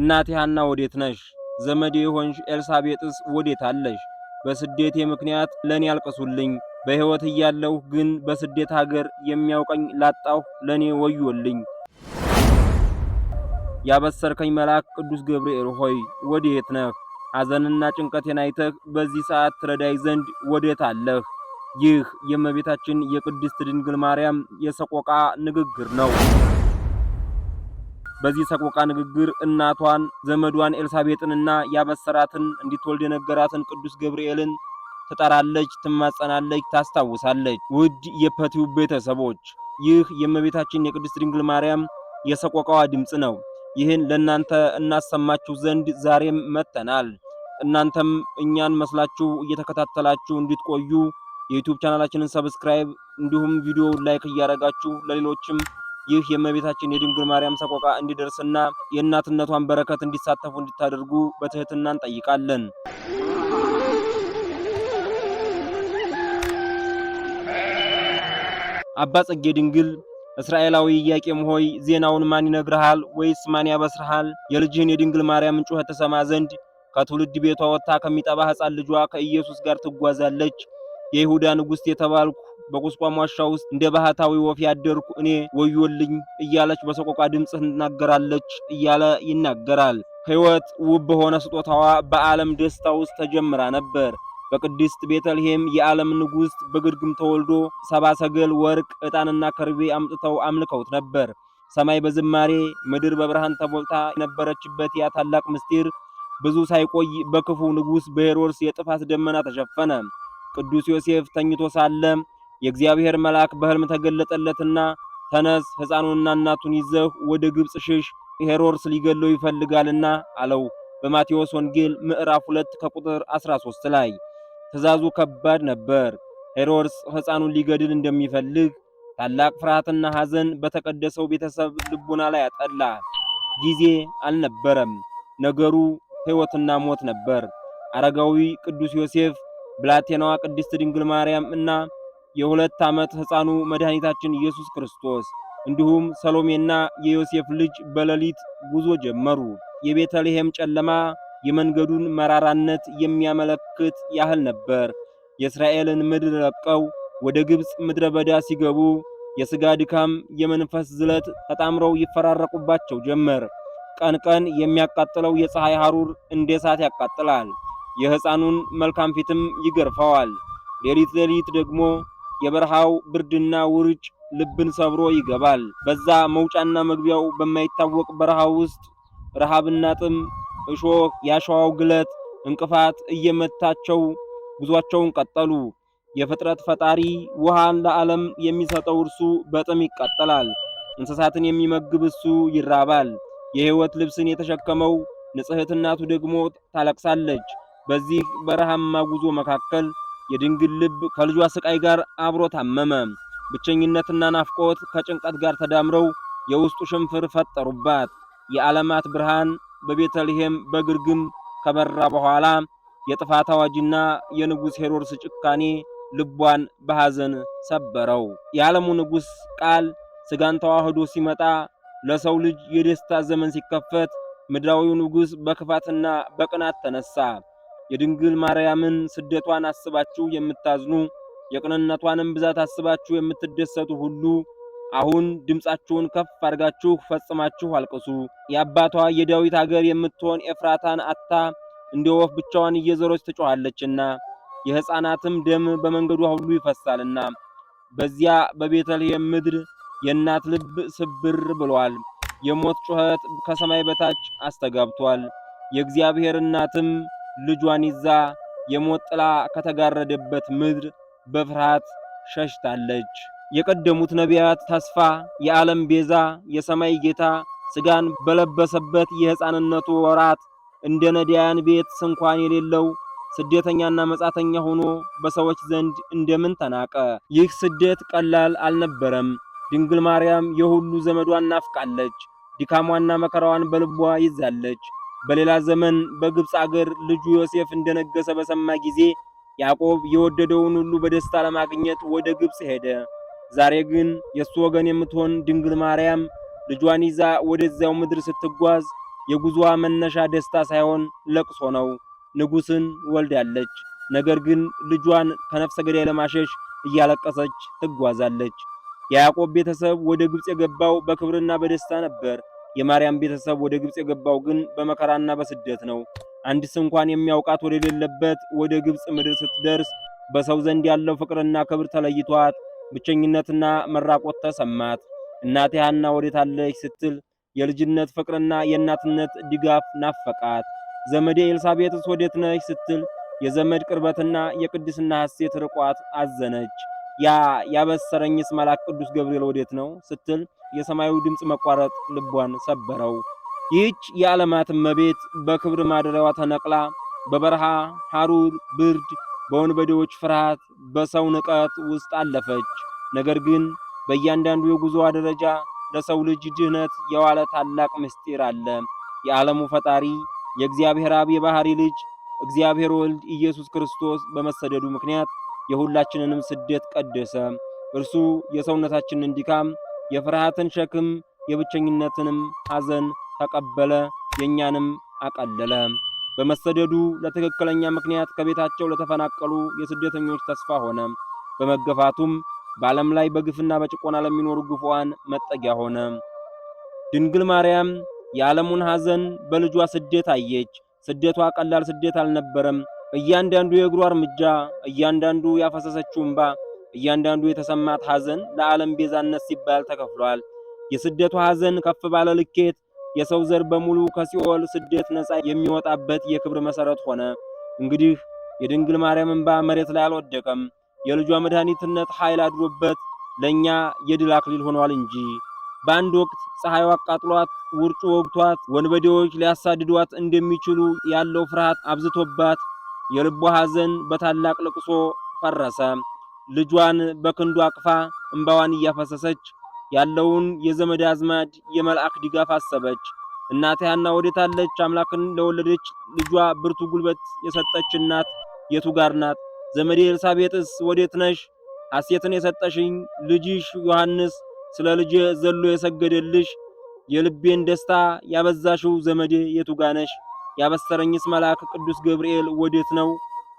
እናቴ ሐና ወዴት ነሽ? ዘመዴ የሆንሽ ኤልሳቤጥስ ወዴት አለሽ? በስደቴ ምክንያት ለኔ ያልቅሱልኝ። በሕይወት እያለሁ ግን በስደት ሀገር የሚያውቀኝ ላጣሁ ለኔ ወዮልኝ። ያበሰርከኝ መልአክ ቅዱስ ገብርኤል ሆይ ወዴት ነህ? አዘንና ጭንቀቴን አይተህ በዚህ ሰዓት ትረዳይ ዘንድ ወዴት አለህ? ይህ የእመቤታችን የቅድስት ድንግል ማርያም የሰቆቃ ንግግር ነው። በዚህ ሰቆቃ ንግግር እናቷን ዘመዷን ኤልሳቤጥንና ያበሰራትን እንዲትወልድ የነገራትን ቅዱስ ገብርኤልን ትጠራለች፣ ትማጸናለች፣ ታስታውሳለች። ውድ የፐቲው ቤተሰቦች ይህ የእመቤታችን የቅድስት ድንግል ማርያም የሰቆቃዋ ድምፅ ነው። ይህን ለእናንተ እናሰማችሁ ዘንድ ዛሬም መጥተናል። እናንተም እኛን መስላችሁ እየተከታተላችሁ እንድትቆዩ የዩቲዩብ ቻናላችንን ሰብስክራይብ እንዲሁም ቪዲዮውን ላይክ እያደረጋችሁ ለሌሎችም ይህ የእመቤታችን የድንግል ማርያም ሰቆቃ እንዲደርስና የእናትነቷን በረከት እንዲሳተፉ እንዲታደርጉ በትህትና እንጠይቃለን። አባ ጽጌ ድንግል እስራኤላዊ ኢያቄም ሆይ ዜናውን ማን ይነግርሃል? ወይስ ማን ያበስርሃል? የልጅህን የድንግል ማርያምን ጩኸት ተሰማ ዘንድ ከትውልድ ቤቷ ወጥታ ከሚጠባ ሕፃን ልጇ ከኢየሱስ ጋር ትጓዛለች። የይሁዳ ንጉሥ የተባልኩ በቁስቋም ዋሻ ውስጥ እንደ ባህታዊ ወፍ ያደርኩ እኔ ወዮልኝ እያለች በሰቆቃ ድምፅ ትናገራለች እያለ ይናገራል። ሕይወት ውብ በሆነ ስጦታዋ በዓለም ደስታ ውስጥ ተጀምራ ነበር። በቅድስት ቤተልሔም የዓለም ንጉሥ በግርግም ተወልዶ ሰባ ሰገል ወርቅ፣ ዕጣንና ከርቤ አምጥተው አምልከውት ነበር። ሰማይ በዝማሬ ምድር በብርሃን ተሞልታ የነበረችበት ያ ታላቅ ምስጢር ብዙ ሳይቆይ በክፉ ንጉሥ በሄሮድስ የጥፋት ደመና ተሸፈነ። ቅዱስ ዮሴፍ ተኝቶ ሳለ የእግዚአብሔር መልአክ በሕልም ተገለጠለትና ተነስ፣ ሕፃኑንና እናቱን ይዘህ ወደ ግብጽ ሽሽ፣ ሄሮድስ ሊገለው ይፈልጋልና አለው። በማቴዎስ ወንጌል ምዕራፍ 2 ከቁጥር 13 ላይ ትእዛዙ ከባድ ነበር። ሄሮድስ ሕፃኑን ሊገድል እንደሚፈልግ ታላቅ ፍርሃትና ሐዘን በተቀደሰው ቤተሰብ ልቦና ላይ አጠላ። ጊዜ አልነበረም። ነገሩ ሕይወትና ሞት ነበር። አረጋዊ ቅዱስ ዮሴፍ፣ ብላቴናዋ ቅድስት ድንግል ማርያም እና የሁለት ዓመት ሕፃኑ መድኃኒታችን ኢየሱስ ክርስቶስ እንዲሁም ሰሎሜና የዮሴፍ ልጅ በሌሊት ጉዞ ጀመሩ። የቤተልሔም ጨለማ የመንገዱን መራራነት የሚያመለክት ያህል ነበር። የእስራኤልን ምድር ለቀው ወደ ግብፅ ምድረ በዳ ሲገቡ የሥጋ ድካም፣ የመንፈስ ዝለት ተጣምረው ይፈራረቁባቸው ጀመር። ቀን ቀን የሚያቃጥለው የፀሐይ ሐሩር እንደ እሳት ያቃጥላል፣ የሕፃኑን መልካም ፊትም ይገርፈዋል። ሌሊት ሌሊት ደግሞ የበረሃው ብርድና ውርጭ ልብን ሰብሮ ይገባል። በዛ መውጫና መግቢያው በማይታወቅ በረሃ ውስጥ ረሃብና ጥም፣ እሾህ፣ የአሸዋው ግለት፣ እንቅፋት እየመታቸው ጉዟቸውን ቀጠሉ። የፍጥረት ፈጣሪ ውሃን ለዓለም የሚሰጠው እርሱ በጥም ይቃጠላል። እንስሳትን የሚመግብ እሱ ይራባል። የሕይወት ልብስን የተሸከመው ንጽሕት እናቱ ደግሞ ታለቅሳለች። በዚህ በረሃማ ጉዞ መካከል የድንግል ልብ ከልጇ ስቃይ ጋር አብሮ ታመመ። ብቸኝነትና ናፍቆት ከጭንቀት ጋር ተዳምረው የውስጡ ሽንፍር ፈጠሩባት። የዓለማት ብርሃን በቤተልሔም በግርግም ከበራ በኋላ የጥፋት አዋጅና የንጉሥ ሄሮድስ ጭካኔ ልቧን በሐዘን ሰበረው። የዓለሙ ንጉሥ ቃል ሥጋን ተዋህዶ ሲመጣ ለሰው ልጅ የደስታ ዘመን ሲከፈት ምድራዊው ንጉሥ በክፋትና በቅናት ተነሳ። የድንግል ማርያምን ስደቷን አስባችሁ የምታዝኑ የቅንነቷንም ብዛት አስባችሁ የምትደሰቱ ሁሉ አሁን ድምፃችሁን ከፍ አድርጋችሁ ፈጽማችሁ አልቅሱ። የአባቷ የዳዊት አገር የምትሆን ኤፍራታን አታ እንደ ወፍ ብቻዋን እየዘሮች ትጮኻለችና የሕፃናትም ደም በመንገዷ ሁሉ ይፈሳልና በዚያ በቤተልሔም ምድር የእናት ልብ ስብር ብሏል። የሞት ጩኸት ከሰማይ በታች አስተጋብቷል። የእግዚአብሔር እናትም ልጇን ይዛ የሞት ጥላ ከተጋረደበት ምድር በፍርሃት ሸሽታለች። የቀደሙት ነቢያት ተስፋ፣ የዓለም ቤዛ፣ የሰማይ ጌታ ስጋን በለበሰበት የሕፃንነቱ ወራት እንደ ነዳያን ቤት ስንኳን የሌለው ስደተኛና መጻተኛ ሆኖ በሰዎች ዘንድ እንደምን ተናቀ። ይህ ስደት ቀላል አልነበረም። ድንግል ማርያም የሁሉ ዘመዷን ናፍቃለች። ድካሟና መከራዋን በልቧ ይዛለች። በሌላ ዘመን በግብፅ አገር ልጁ ዮሴፍ እንደነገሰ በሰማ ጊዜ ያዕቆብ የወደደውን ሁሉ በደስታ ለማግኘት ወደ ግብፅ ሄደ። ዛሬ ግን የእሱ ወገን የምትሆን ድንግል ማርያም ልጇን ይዛ ወደዚያው ምድር ስትጓዝ የጉዞዋ መነሻ ደስታ ሳይሆን ለቅሶ ነው። ንጉሥን ወልዳለች። ነገር ግን ልጇን ከነፍሰ ገዳይ ለማሸሽ እያለቀሰች ትጓዛለች። የያዕቆብ ቤተሰብ ወደ ግብፅ የገባው በክብርና በደስታ ነበር። የማርያም ቤተሰብ ወደ ግብፅ የገባው ግን በመከራና በስደት ነው። አንዲት እንኳን የሚያውቃት ወደሌለበት ወደ ግብፅ ምድር ስትደርስ በሰው ዘንድ ያለው ፍቅርና ክብር ተለይቷት ብቸኝነትና መራቆት ተሰማት። እናቴ ሐና ወዴት አለች ስትል የልጅነት ፍቅርና የእናትነት ድጋፍ ናፈቃት። ዘመዴ ኤልሳቤጥስ ወዴት ነች ስትል የዘመድ ቅርበትና የቅድስና ሐሴት ርቋት አዘነች። ያ ያበሰረኝስ መልአክ ቅዱስ ገብርኤል ወዴት ነው ስትል የሰማዩ ድምፅ መቋረጥ ልቧን ሰበረው። ይህች የዓለማት እመቤት በክብር ማደሪያዋ ተነቅላ በበረሃ ሐሩር ብርድ፣ በወንበዴዎች ፍርሃት፣ በሰው ንቀት ውስጥ አለፈች። ነገር ግን በእያንዳንዱ የጉዞዋ ደረጃ ለሰው ልጅ ድህነት የዋለ ታላቅ ምስጢር አለ። የዓለሙ ፈጣሪ የእግዚአብሔር አብ የባሕሪ ልጅ እግዚአብሔር ወልድ ኢየሱስ ክርስቶስ በመሰደዱ ምክንያት የሁላችንንም ስደት ቀደሰ። እርሱ የሰውነታችንን ድካም፣ የፍርሃትን ሸክም፣ የብቸኝነትንም ሐዘን ተቀበለ፣ የእኛንም አቀለለ። በመሰደዱ ለትክክለኛ ምክንያት ከቤታቸው ለተፈናቀሉ የስደተኞች ተስፋ ሆነ። በመገፋቱም በዓለም ላይ በግፍና በጭቆና ለሚኖሩ ግፉዋን መጠጊያ ሆነ። ድንግል ማርያም የዓለሙን ሐዘን በልጇ ስደት አየች። ስደቷ ቀላል ስደት አልነበረም። እያንዳንዱ የእግሯ እርምጃ፣ እያንዳንዱ ያፈሰሰችው እንባ፣ እያንዳንዱ የተሰማት ሐዘን ለዓለም ቤዛነት ሲባል ተከፍሏል። የስደቱ ሐዘን ከፍ ባለ ልኬት የሰው ዘር በሙሉ ከሲኦል ስደት ነፃ የሚወጣበት የክብር መሰረት ሆነ። እንግዲህ የድንግል ማርያም እንባ መሬት ላይ አልወደቀም። የልጇ መድኃኒትነት ኃይል አድሮበት ለኛ የድል አክሊል ሆኗል እንጂ። በአንድ ወቅት ፀሐዩ አቃጥሏት፣ ውርጩ ወግቷት፣ ወንበዴዎች ሊያሳድዷት እንደሚችሉ ያለው ፍርሃት አብዝቶባት የልቧ ሐዘን በታላቅ ልቅሶ ፈረሰ። ልጇን በክንዱ አቅፋ እንባዋን እያፈሰሰች ያለውን የዘመድ አዝማድ የመልአክ ድጋፍ አሰበች። እናቴ ሐና ወዴታለች? አምላክን ለወለደች ልጇ ብርቱ ጉልበት የሰጠች እናት የቱ ጋር ናት? ዘመዴ ኤልሳቤጥስ ወዴት ነሽ? ሐሴትን የሰጠሽኝ ልጅሽ ዮሐንስ ስለ ልጄ ዘሎ የሰገደልሽ የልቤን ደስታ ያበዛሽው ዘመዴ የቱ ጋ ነሽ? ያበሰረኝስ መልአክ ቅዱስ ገብርኤል ወዴት ነው?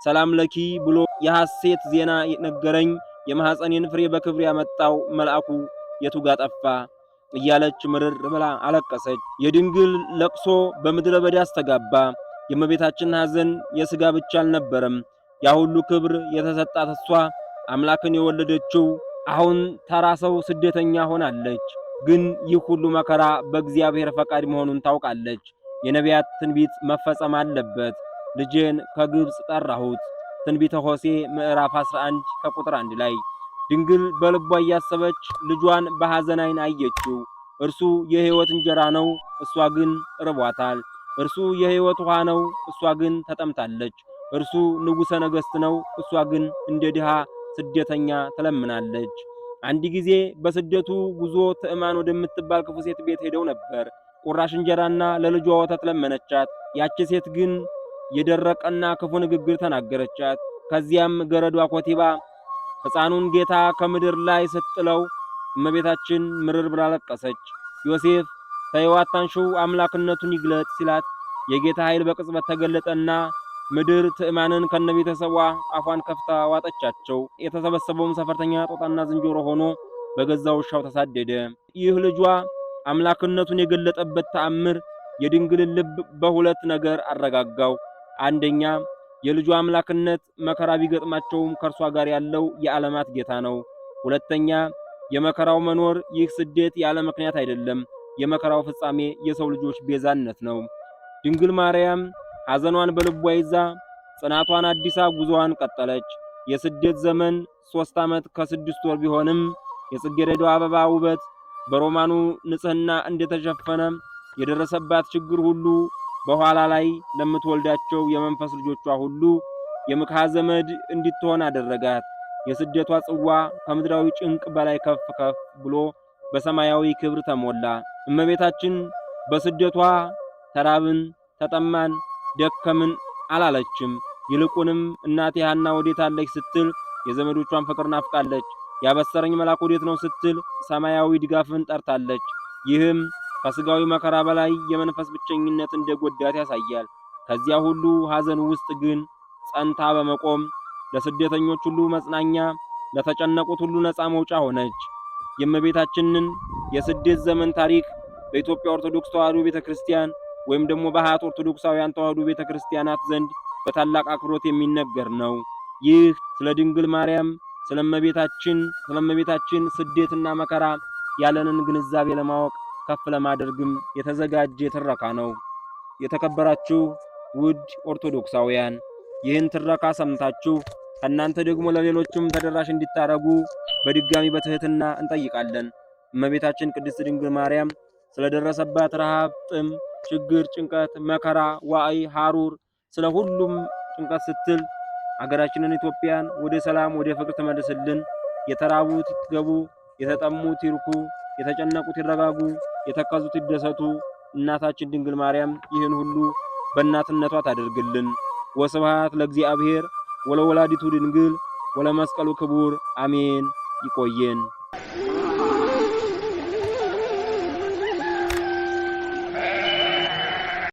ሰላም ለኪ ብሎ የሐሴት ዜና ነገረኝ። የማኅፀኔን ፍሬ በክብር ያመጣው መልአኩ የቱ ጠፋ? እያለች ምርር ብላ አለቀሰች። የድንግል ለቅሶ በምድረ በዳ አስተጋባ። የእመቤታችን ሐዘን የሥጋ ብቻ አልነበረም። ያ ሁሉ ክብር የተሰጣት እሷ አምላክን የወለደችው አሁን ተራ ሰው ስደተኛ ሆናለች። ግን ይህ ሁሉ መከራ በእግዚአብሔር ፈቃድ መሆኑን ታውቃለች። የነቢያት ትንቢት መፈጸም አለበት። ልጄን ከግብፅ ጠራሁት። ትንቢተ ሆሴ ምዕራፍ 11 ከቁጥር 1 ላይ ድንግል በልቧ እያሰበች ልጇን በሐዘን ዓይን አየችው። እርሱ የሕይወት እንጀራ ነው፣ እሷ ግን ርቧታል። እርሱ የሕይወት ውሃ ነው፣ እሷ ግን ተጠምታለች። እርሱ ንጉሠ ነገሥት ነው፣ እሷ ግን እንደ ድሃ ስደተኛ ትለምናለች። አንድ ጊዜ በስደቱ ጉዞ ትዕማን ወደምትባል ክፉ ሴት ቤት ሄደው ነበር። ቁራሽ እንጀራና ለልጇ ወተት ለመነቻት። ያቺ ሴት ግን የደረቀና ክፉ ንግግር ተናገረቻት። ከዚያም ገረዷ ኮቲባ ሕፃኑን ጌታ ከምድር ላይ ስትጥለው እመቤታችን ምርር ብላ ለቀሰች። ዮሴፍ ተይው አምላክነቱን ይግለጽ ሲላት የጌታ ኃይል በቅጽበት ተገለጠና ምድር ትዕማንን ከነቤተሰቧ አፏን ከፍታ ዋጠቻቸው። የተሰበሰበውም ሰፈርተኛ ጦጣና ዝንጀሮ ሆኖ በገዛ ውሻው ተሳደደ። ይህ ልጇ አምላክነቱን የገለጠበት ተአምር የድንግልን ልብ በሁለት ነገር አረጋጋው። አንደኛ የልጁ አምላክነት መከራ ቢገጥማቸውም ከእርሷ ጋር ያለው የዓለማት ጌታ ነው። ሁለተኛ የመከራው መኖር ይህ ስደት ያለ ምክንያት አይደለም። የመከራው ፍጻሜ የሰው ልጆች ቤዛነት ነው። ድንግል ማርያም ሐዘኗን በልቧ ይዛ ጽናቷን አዲሳ ጉዞዋን ቀጠለች። የስደት ዘመን ሦስት ዓመት ከስድስት ወር ቢሆንም የጽጌረዳው አበባ ውበት በሮማኑ ንጽህና እንደተሸፈነ የደረሰባት ችግር ሁሉ በኋላ ላይ ለምትወልዳቸው የመንፈስ ልጆቿ ሁሉ የምክሃ ዘመድ እንድትሆን አደረጋት። የስደቷ ጽዋ ከምድራዊ ጭንቅ በላይ ከፍ ከፍ ብሎ በሰማያዊ ክብር ተሞላ። እመቤታችን በስደቷ ተራብን፣ ተጠማን፣ ደከምን አላለችም። ይልቁንም እናቴ ሐና ወዴት አለች ስትል የዘመዶቿን ፍቅር ናፍቃለች። ያበሰረኝ መልአክ ወዴት ነው ስትል ሰማያዊ ድጋፍን ጠርታለች። ይህም ከስጋዊ መከራ በላይ የመንፈስ ብቸኝነት እንደጎዳት ያሳያል። ከዚያ ሁሉ ሐዘን ውስጥ ግን ጸንታ በመቆም ለስደተኞች ሁሉ መጽናኛ፣ ለተጨነቁት ሁሉ ነፃ መውጫ ሆነች። የእመቤታችንን የስደት ዘመን ታሪክ በኢትዮጵያ ኦርቶዶክስ ተዋሕዶ ቤተክርስቲያን ወይም ደግሞ በሀያት ኦርቶዶክሳውያን ተዋሕዶ ቤተክርስቲያናት ዘንድ በታላቅ አክብሮት የሚነገር ነው። ይህ ስለ ድንግል ማርያም ስለመቤታችን ስለመቤታችን ስደትና መከራ ያለንን ግንዛቤ ለማወቅ ከፍ ለማድረግም የተዘጋጀ ትረካ ነው። የተከበራችሁ ውድ ኦርቶዶክሳውያን ይህን ትረካ ሰምታችሁ እናንተ ደግሞ ለሌሎችም ተደራሽ እንዲታረጉ በድጋሚ በትህትና እንጠይቃለን። እመቤታችን ቅድስት ድንግል ማርያም ስለደረሰባት ረሃብ፣ ጥም፣ ችግር፣ ጭንቀት፣ መከራ፣ ዋዕይ፣ ሐሩር ስለ ሁሉም ጭንቀት ስትል አገራችንን ኢትዮጵያን ወደ ሰላም፣ ወደ ፍቅር ትመልስልን። የተራቡት ይጥገቡ፣ የተጠሙት ይርኩ፣ የተጨነቁት ይረጋጉ፣ የተከዙት ይደሰቱ። እናታችን ድንግል ማርያም ይህን ሁሉ በእናትነቷ ታደርግልን። ወስብሃት ለእግዚአብሔር ወለወላዲቱ ድንግል ወለመስቀሉ ክቡር አሜን። ይቆየን።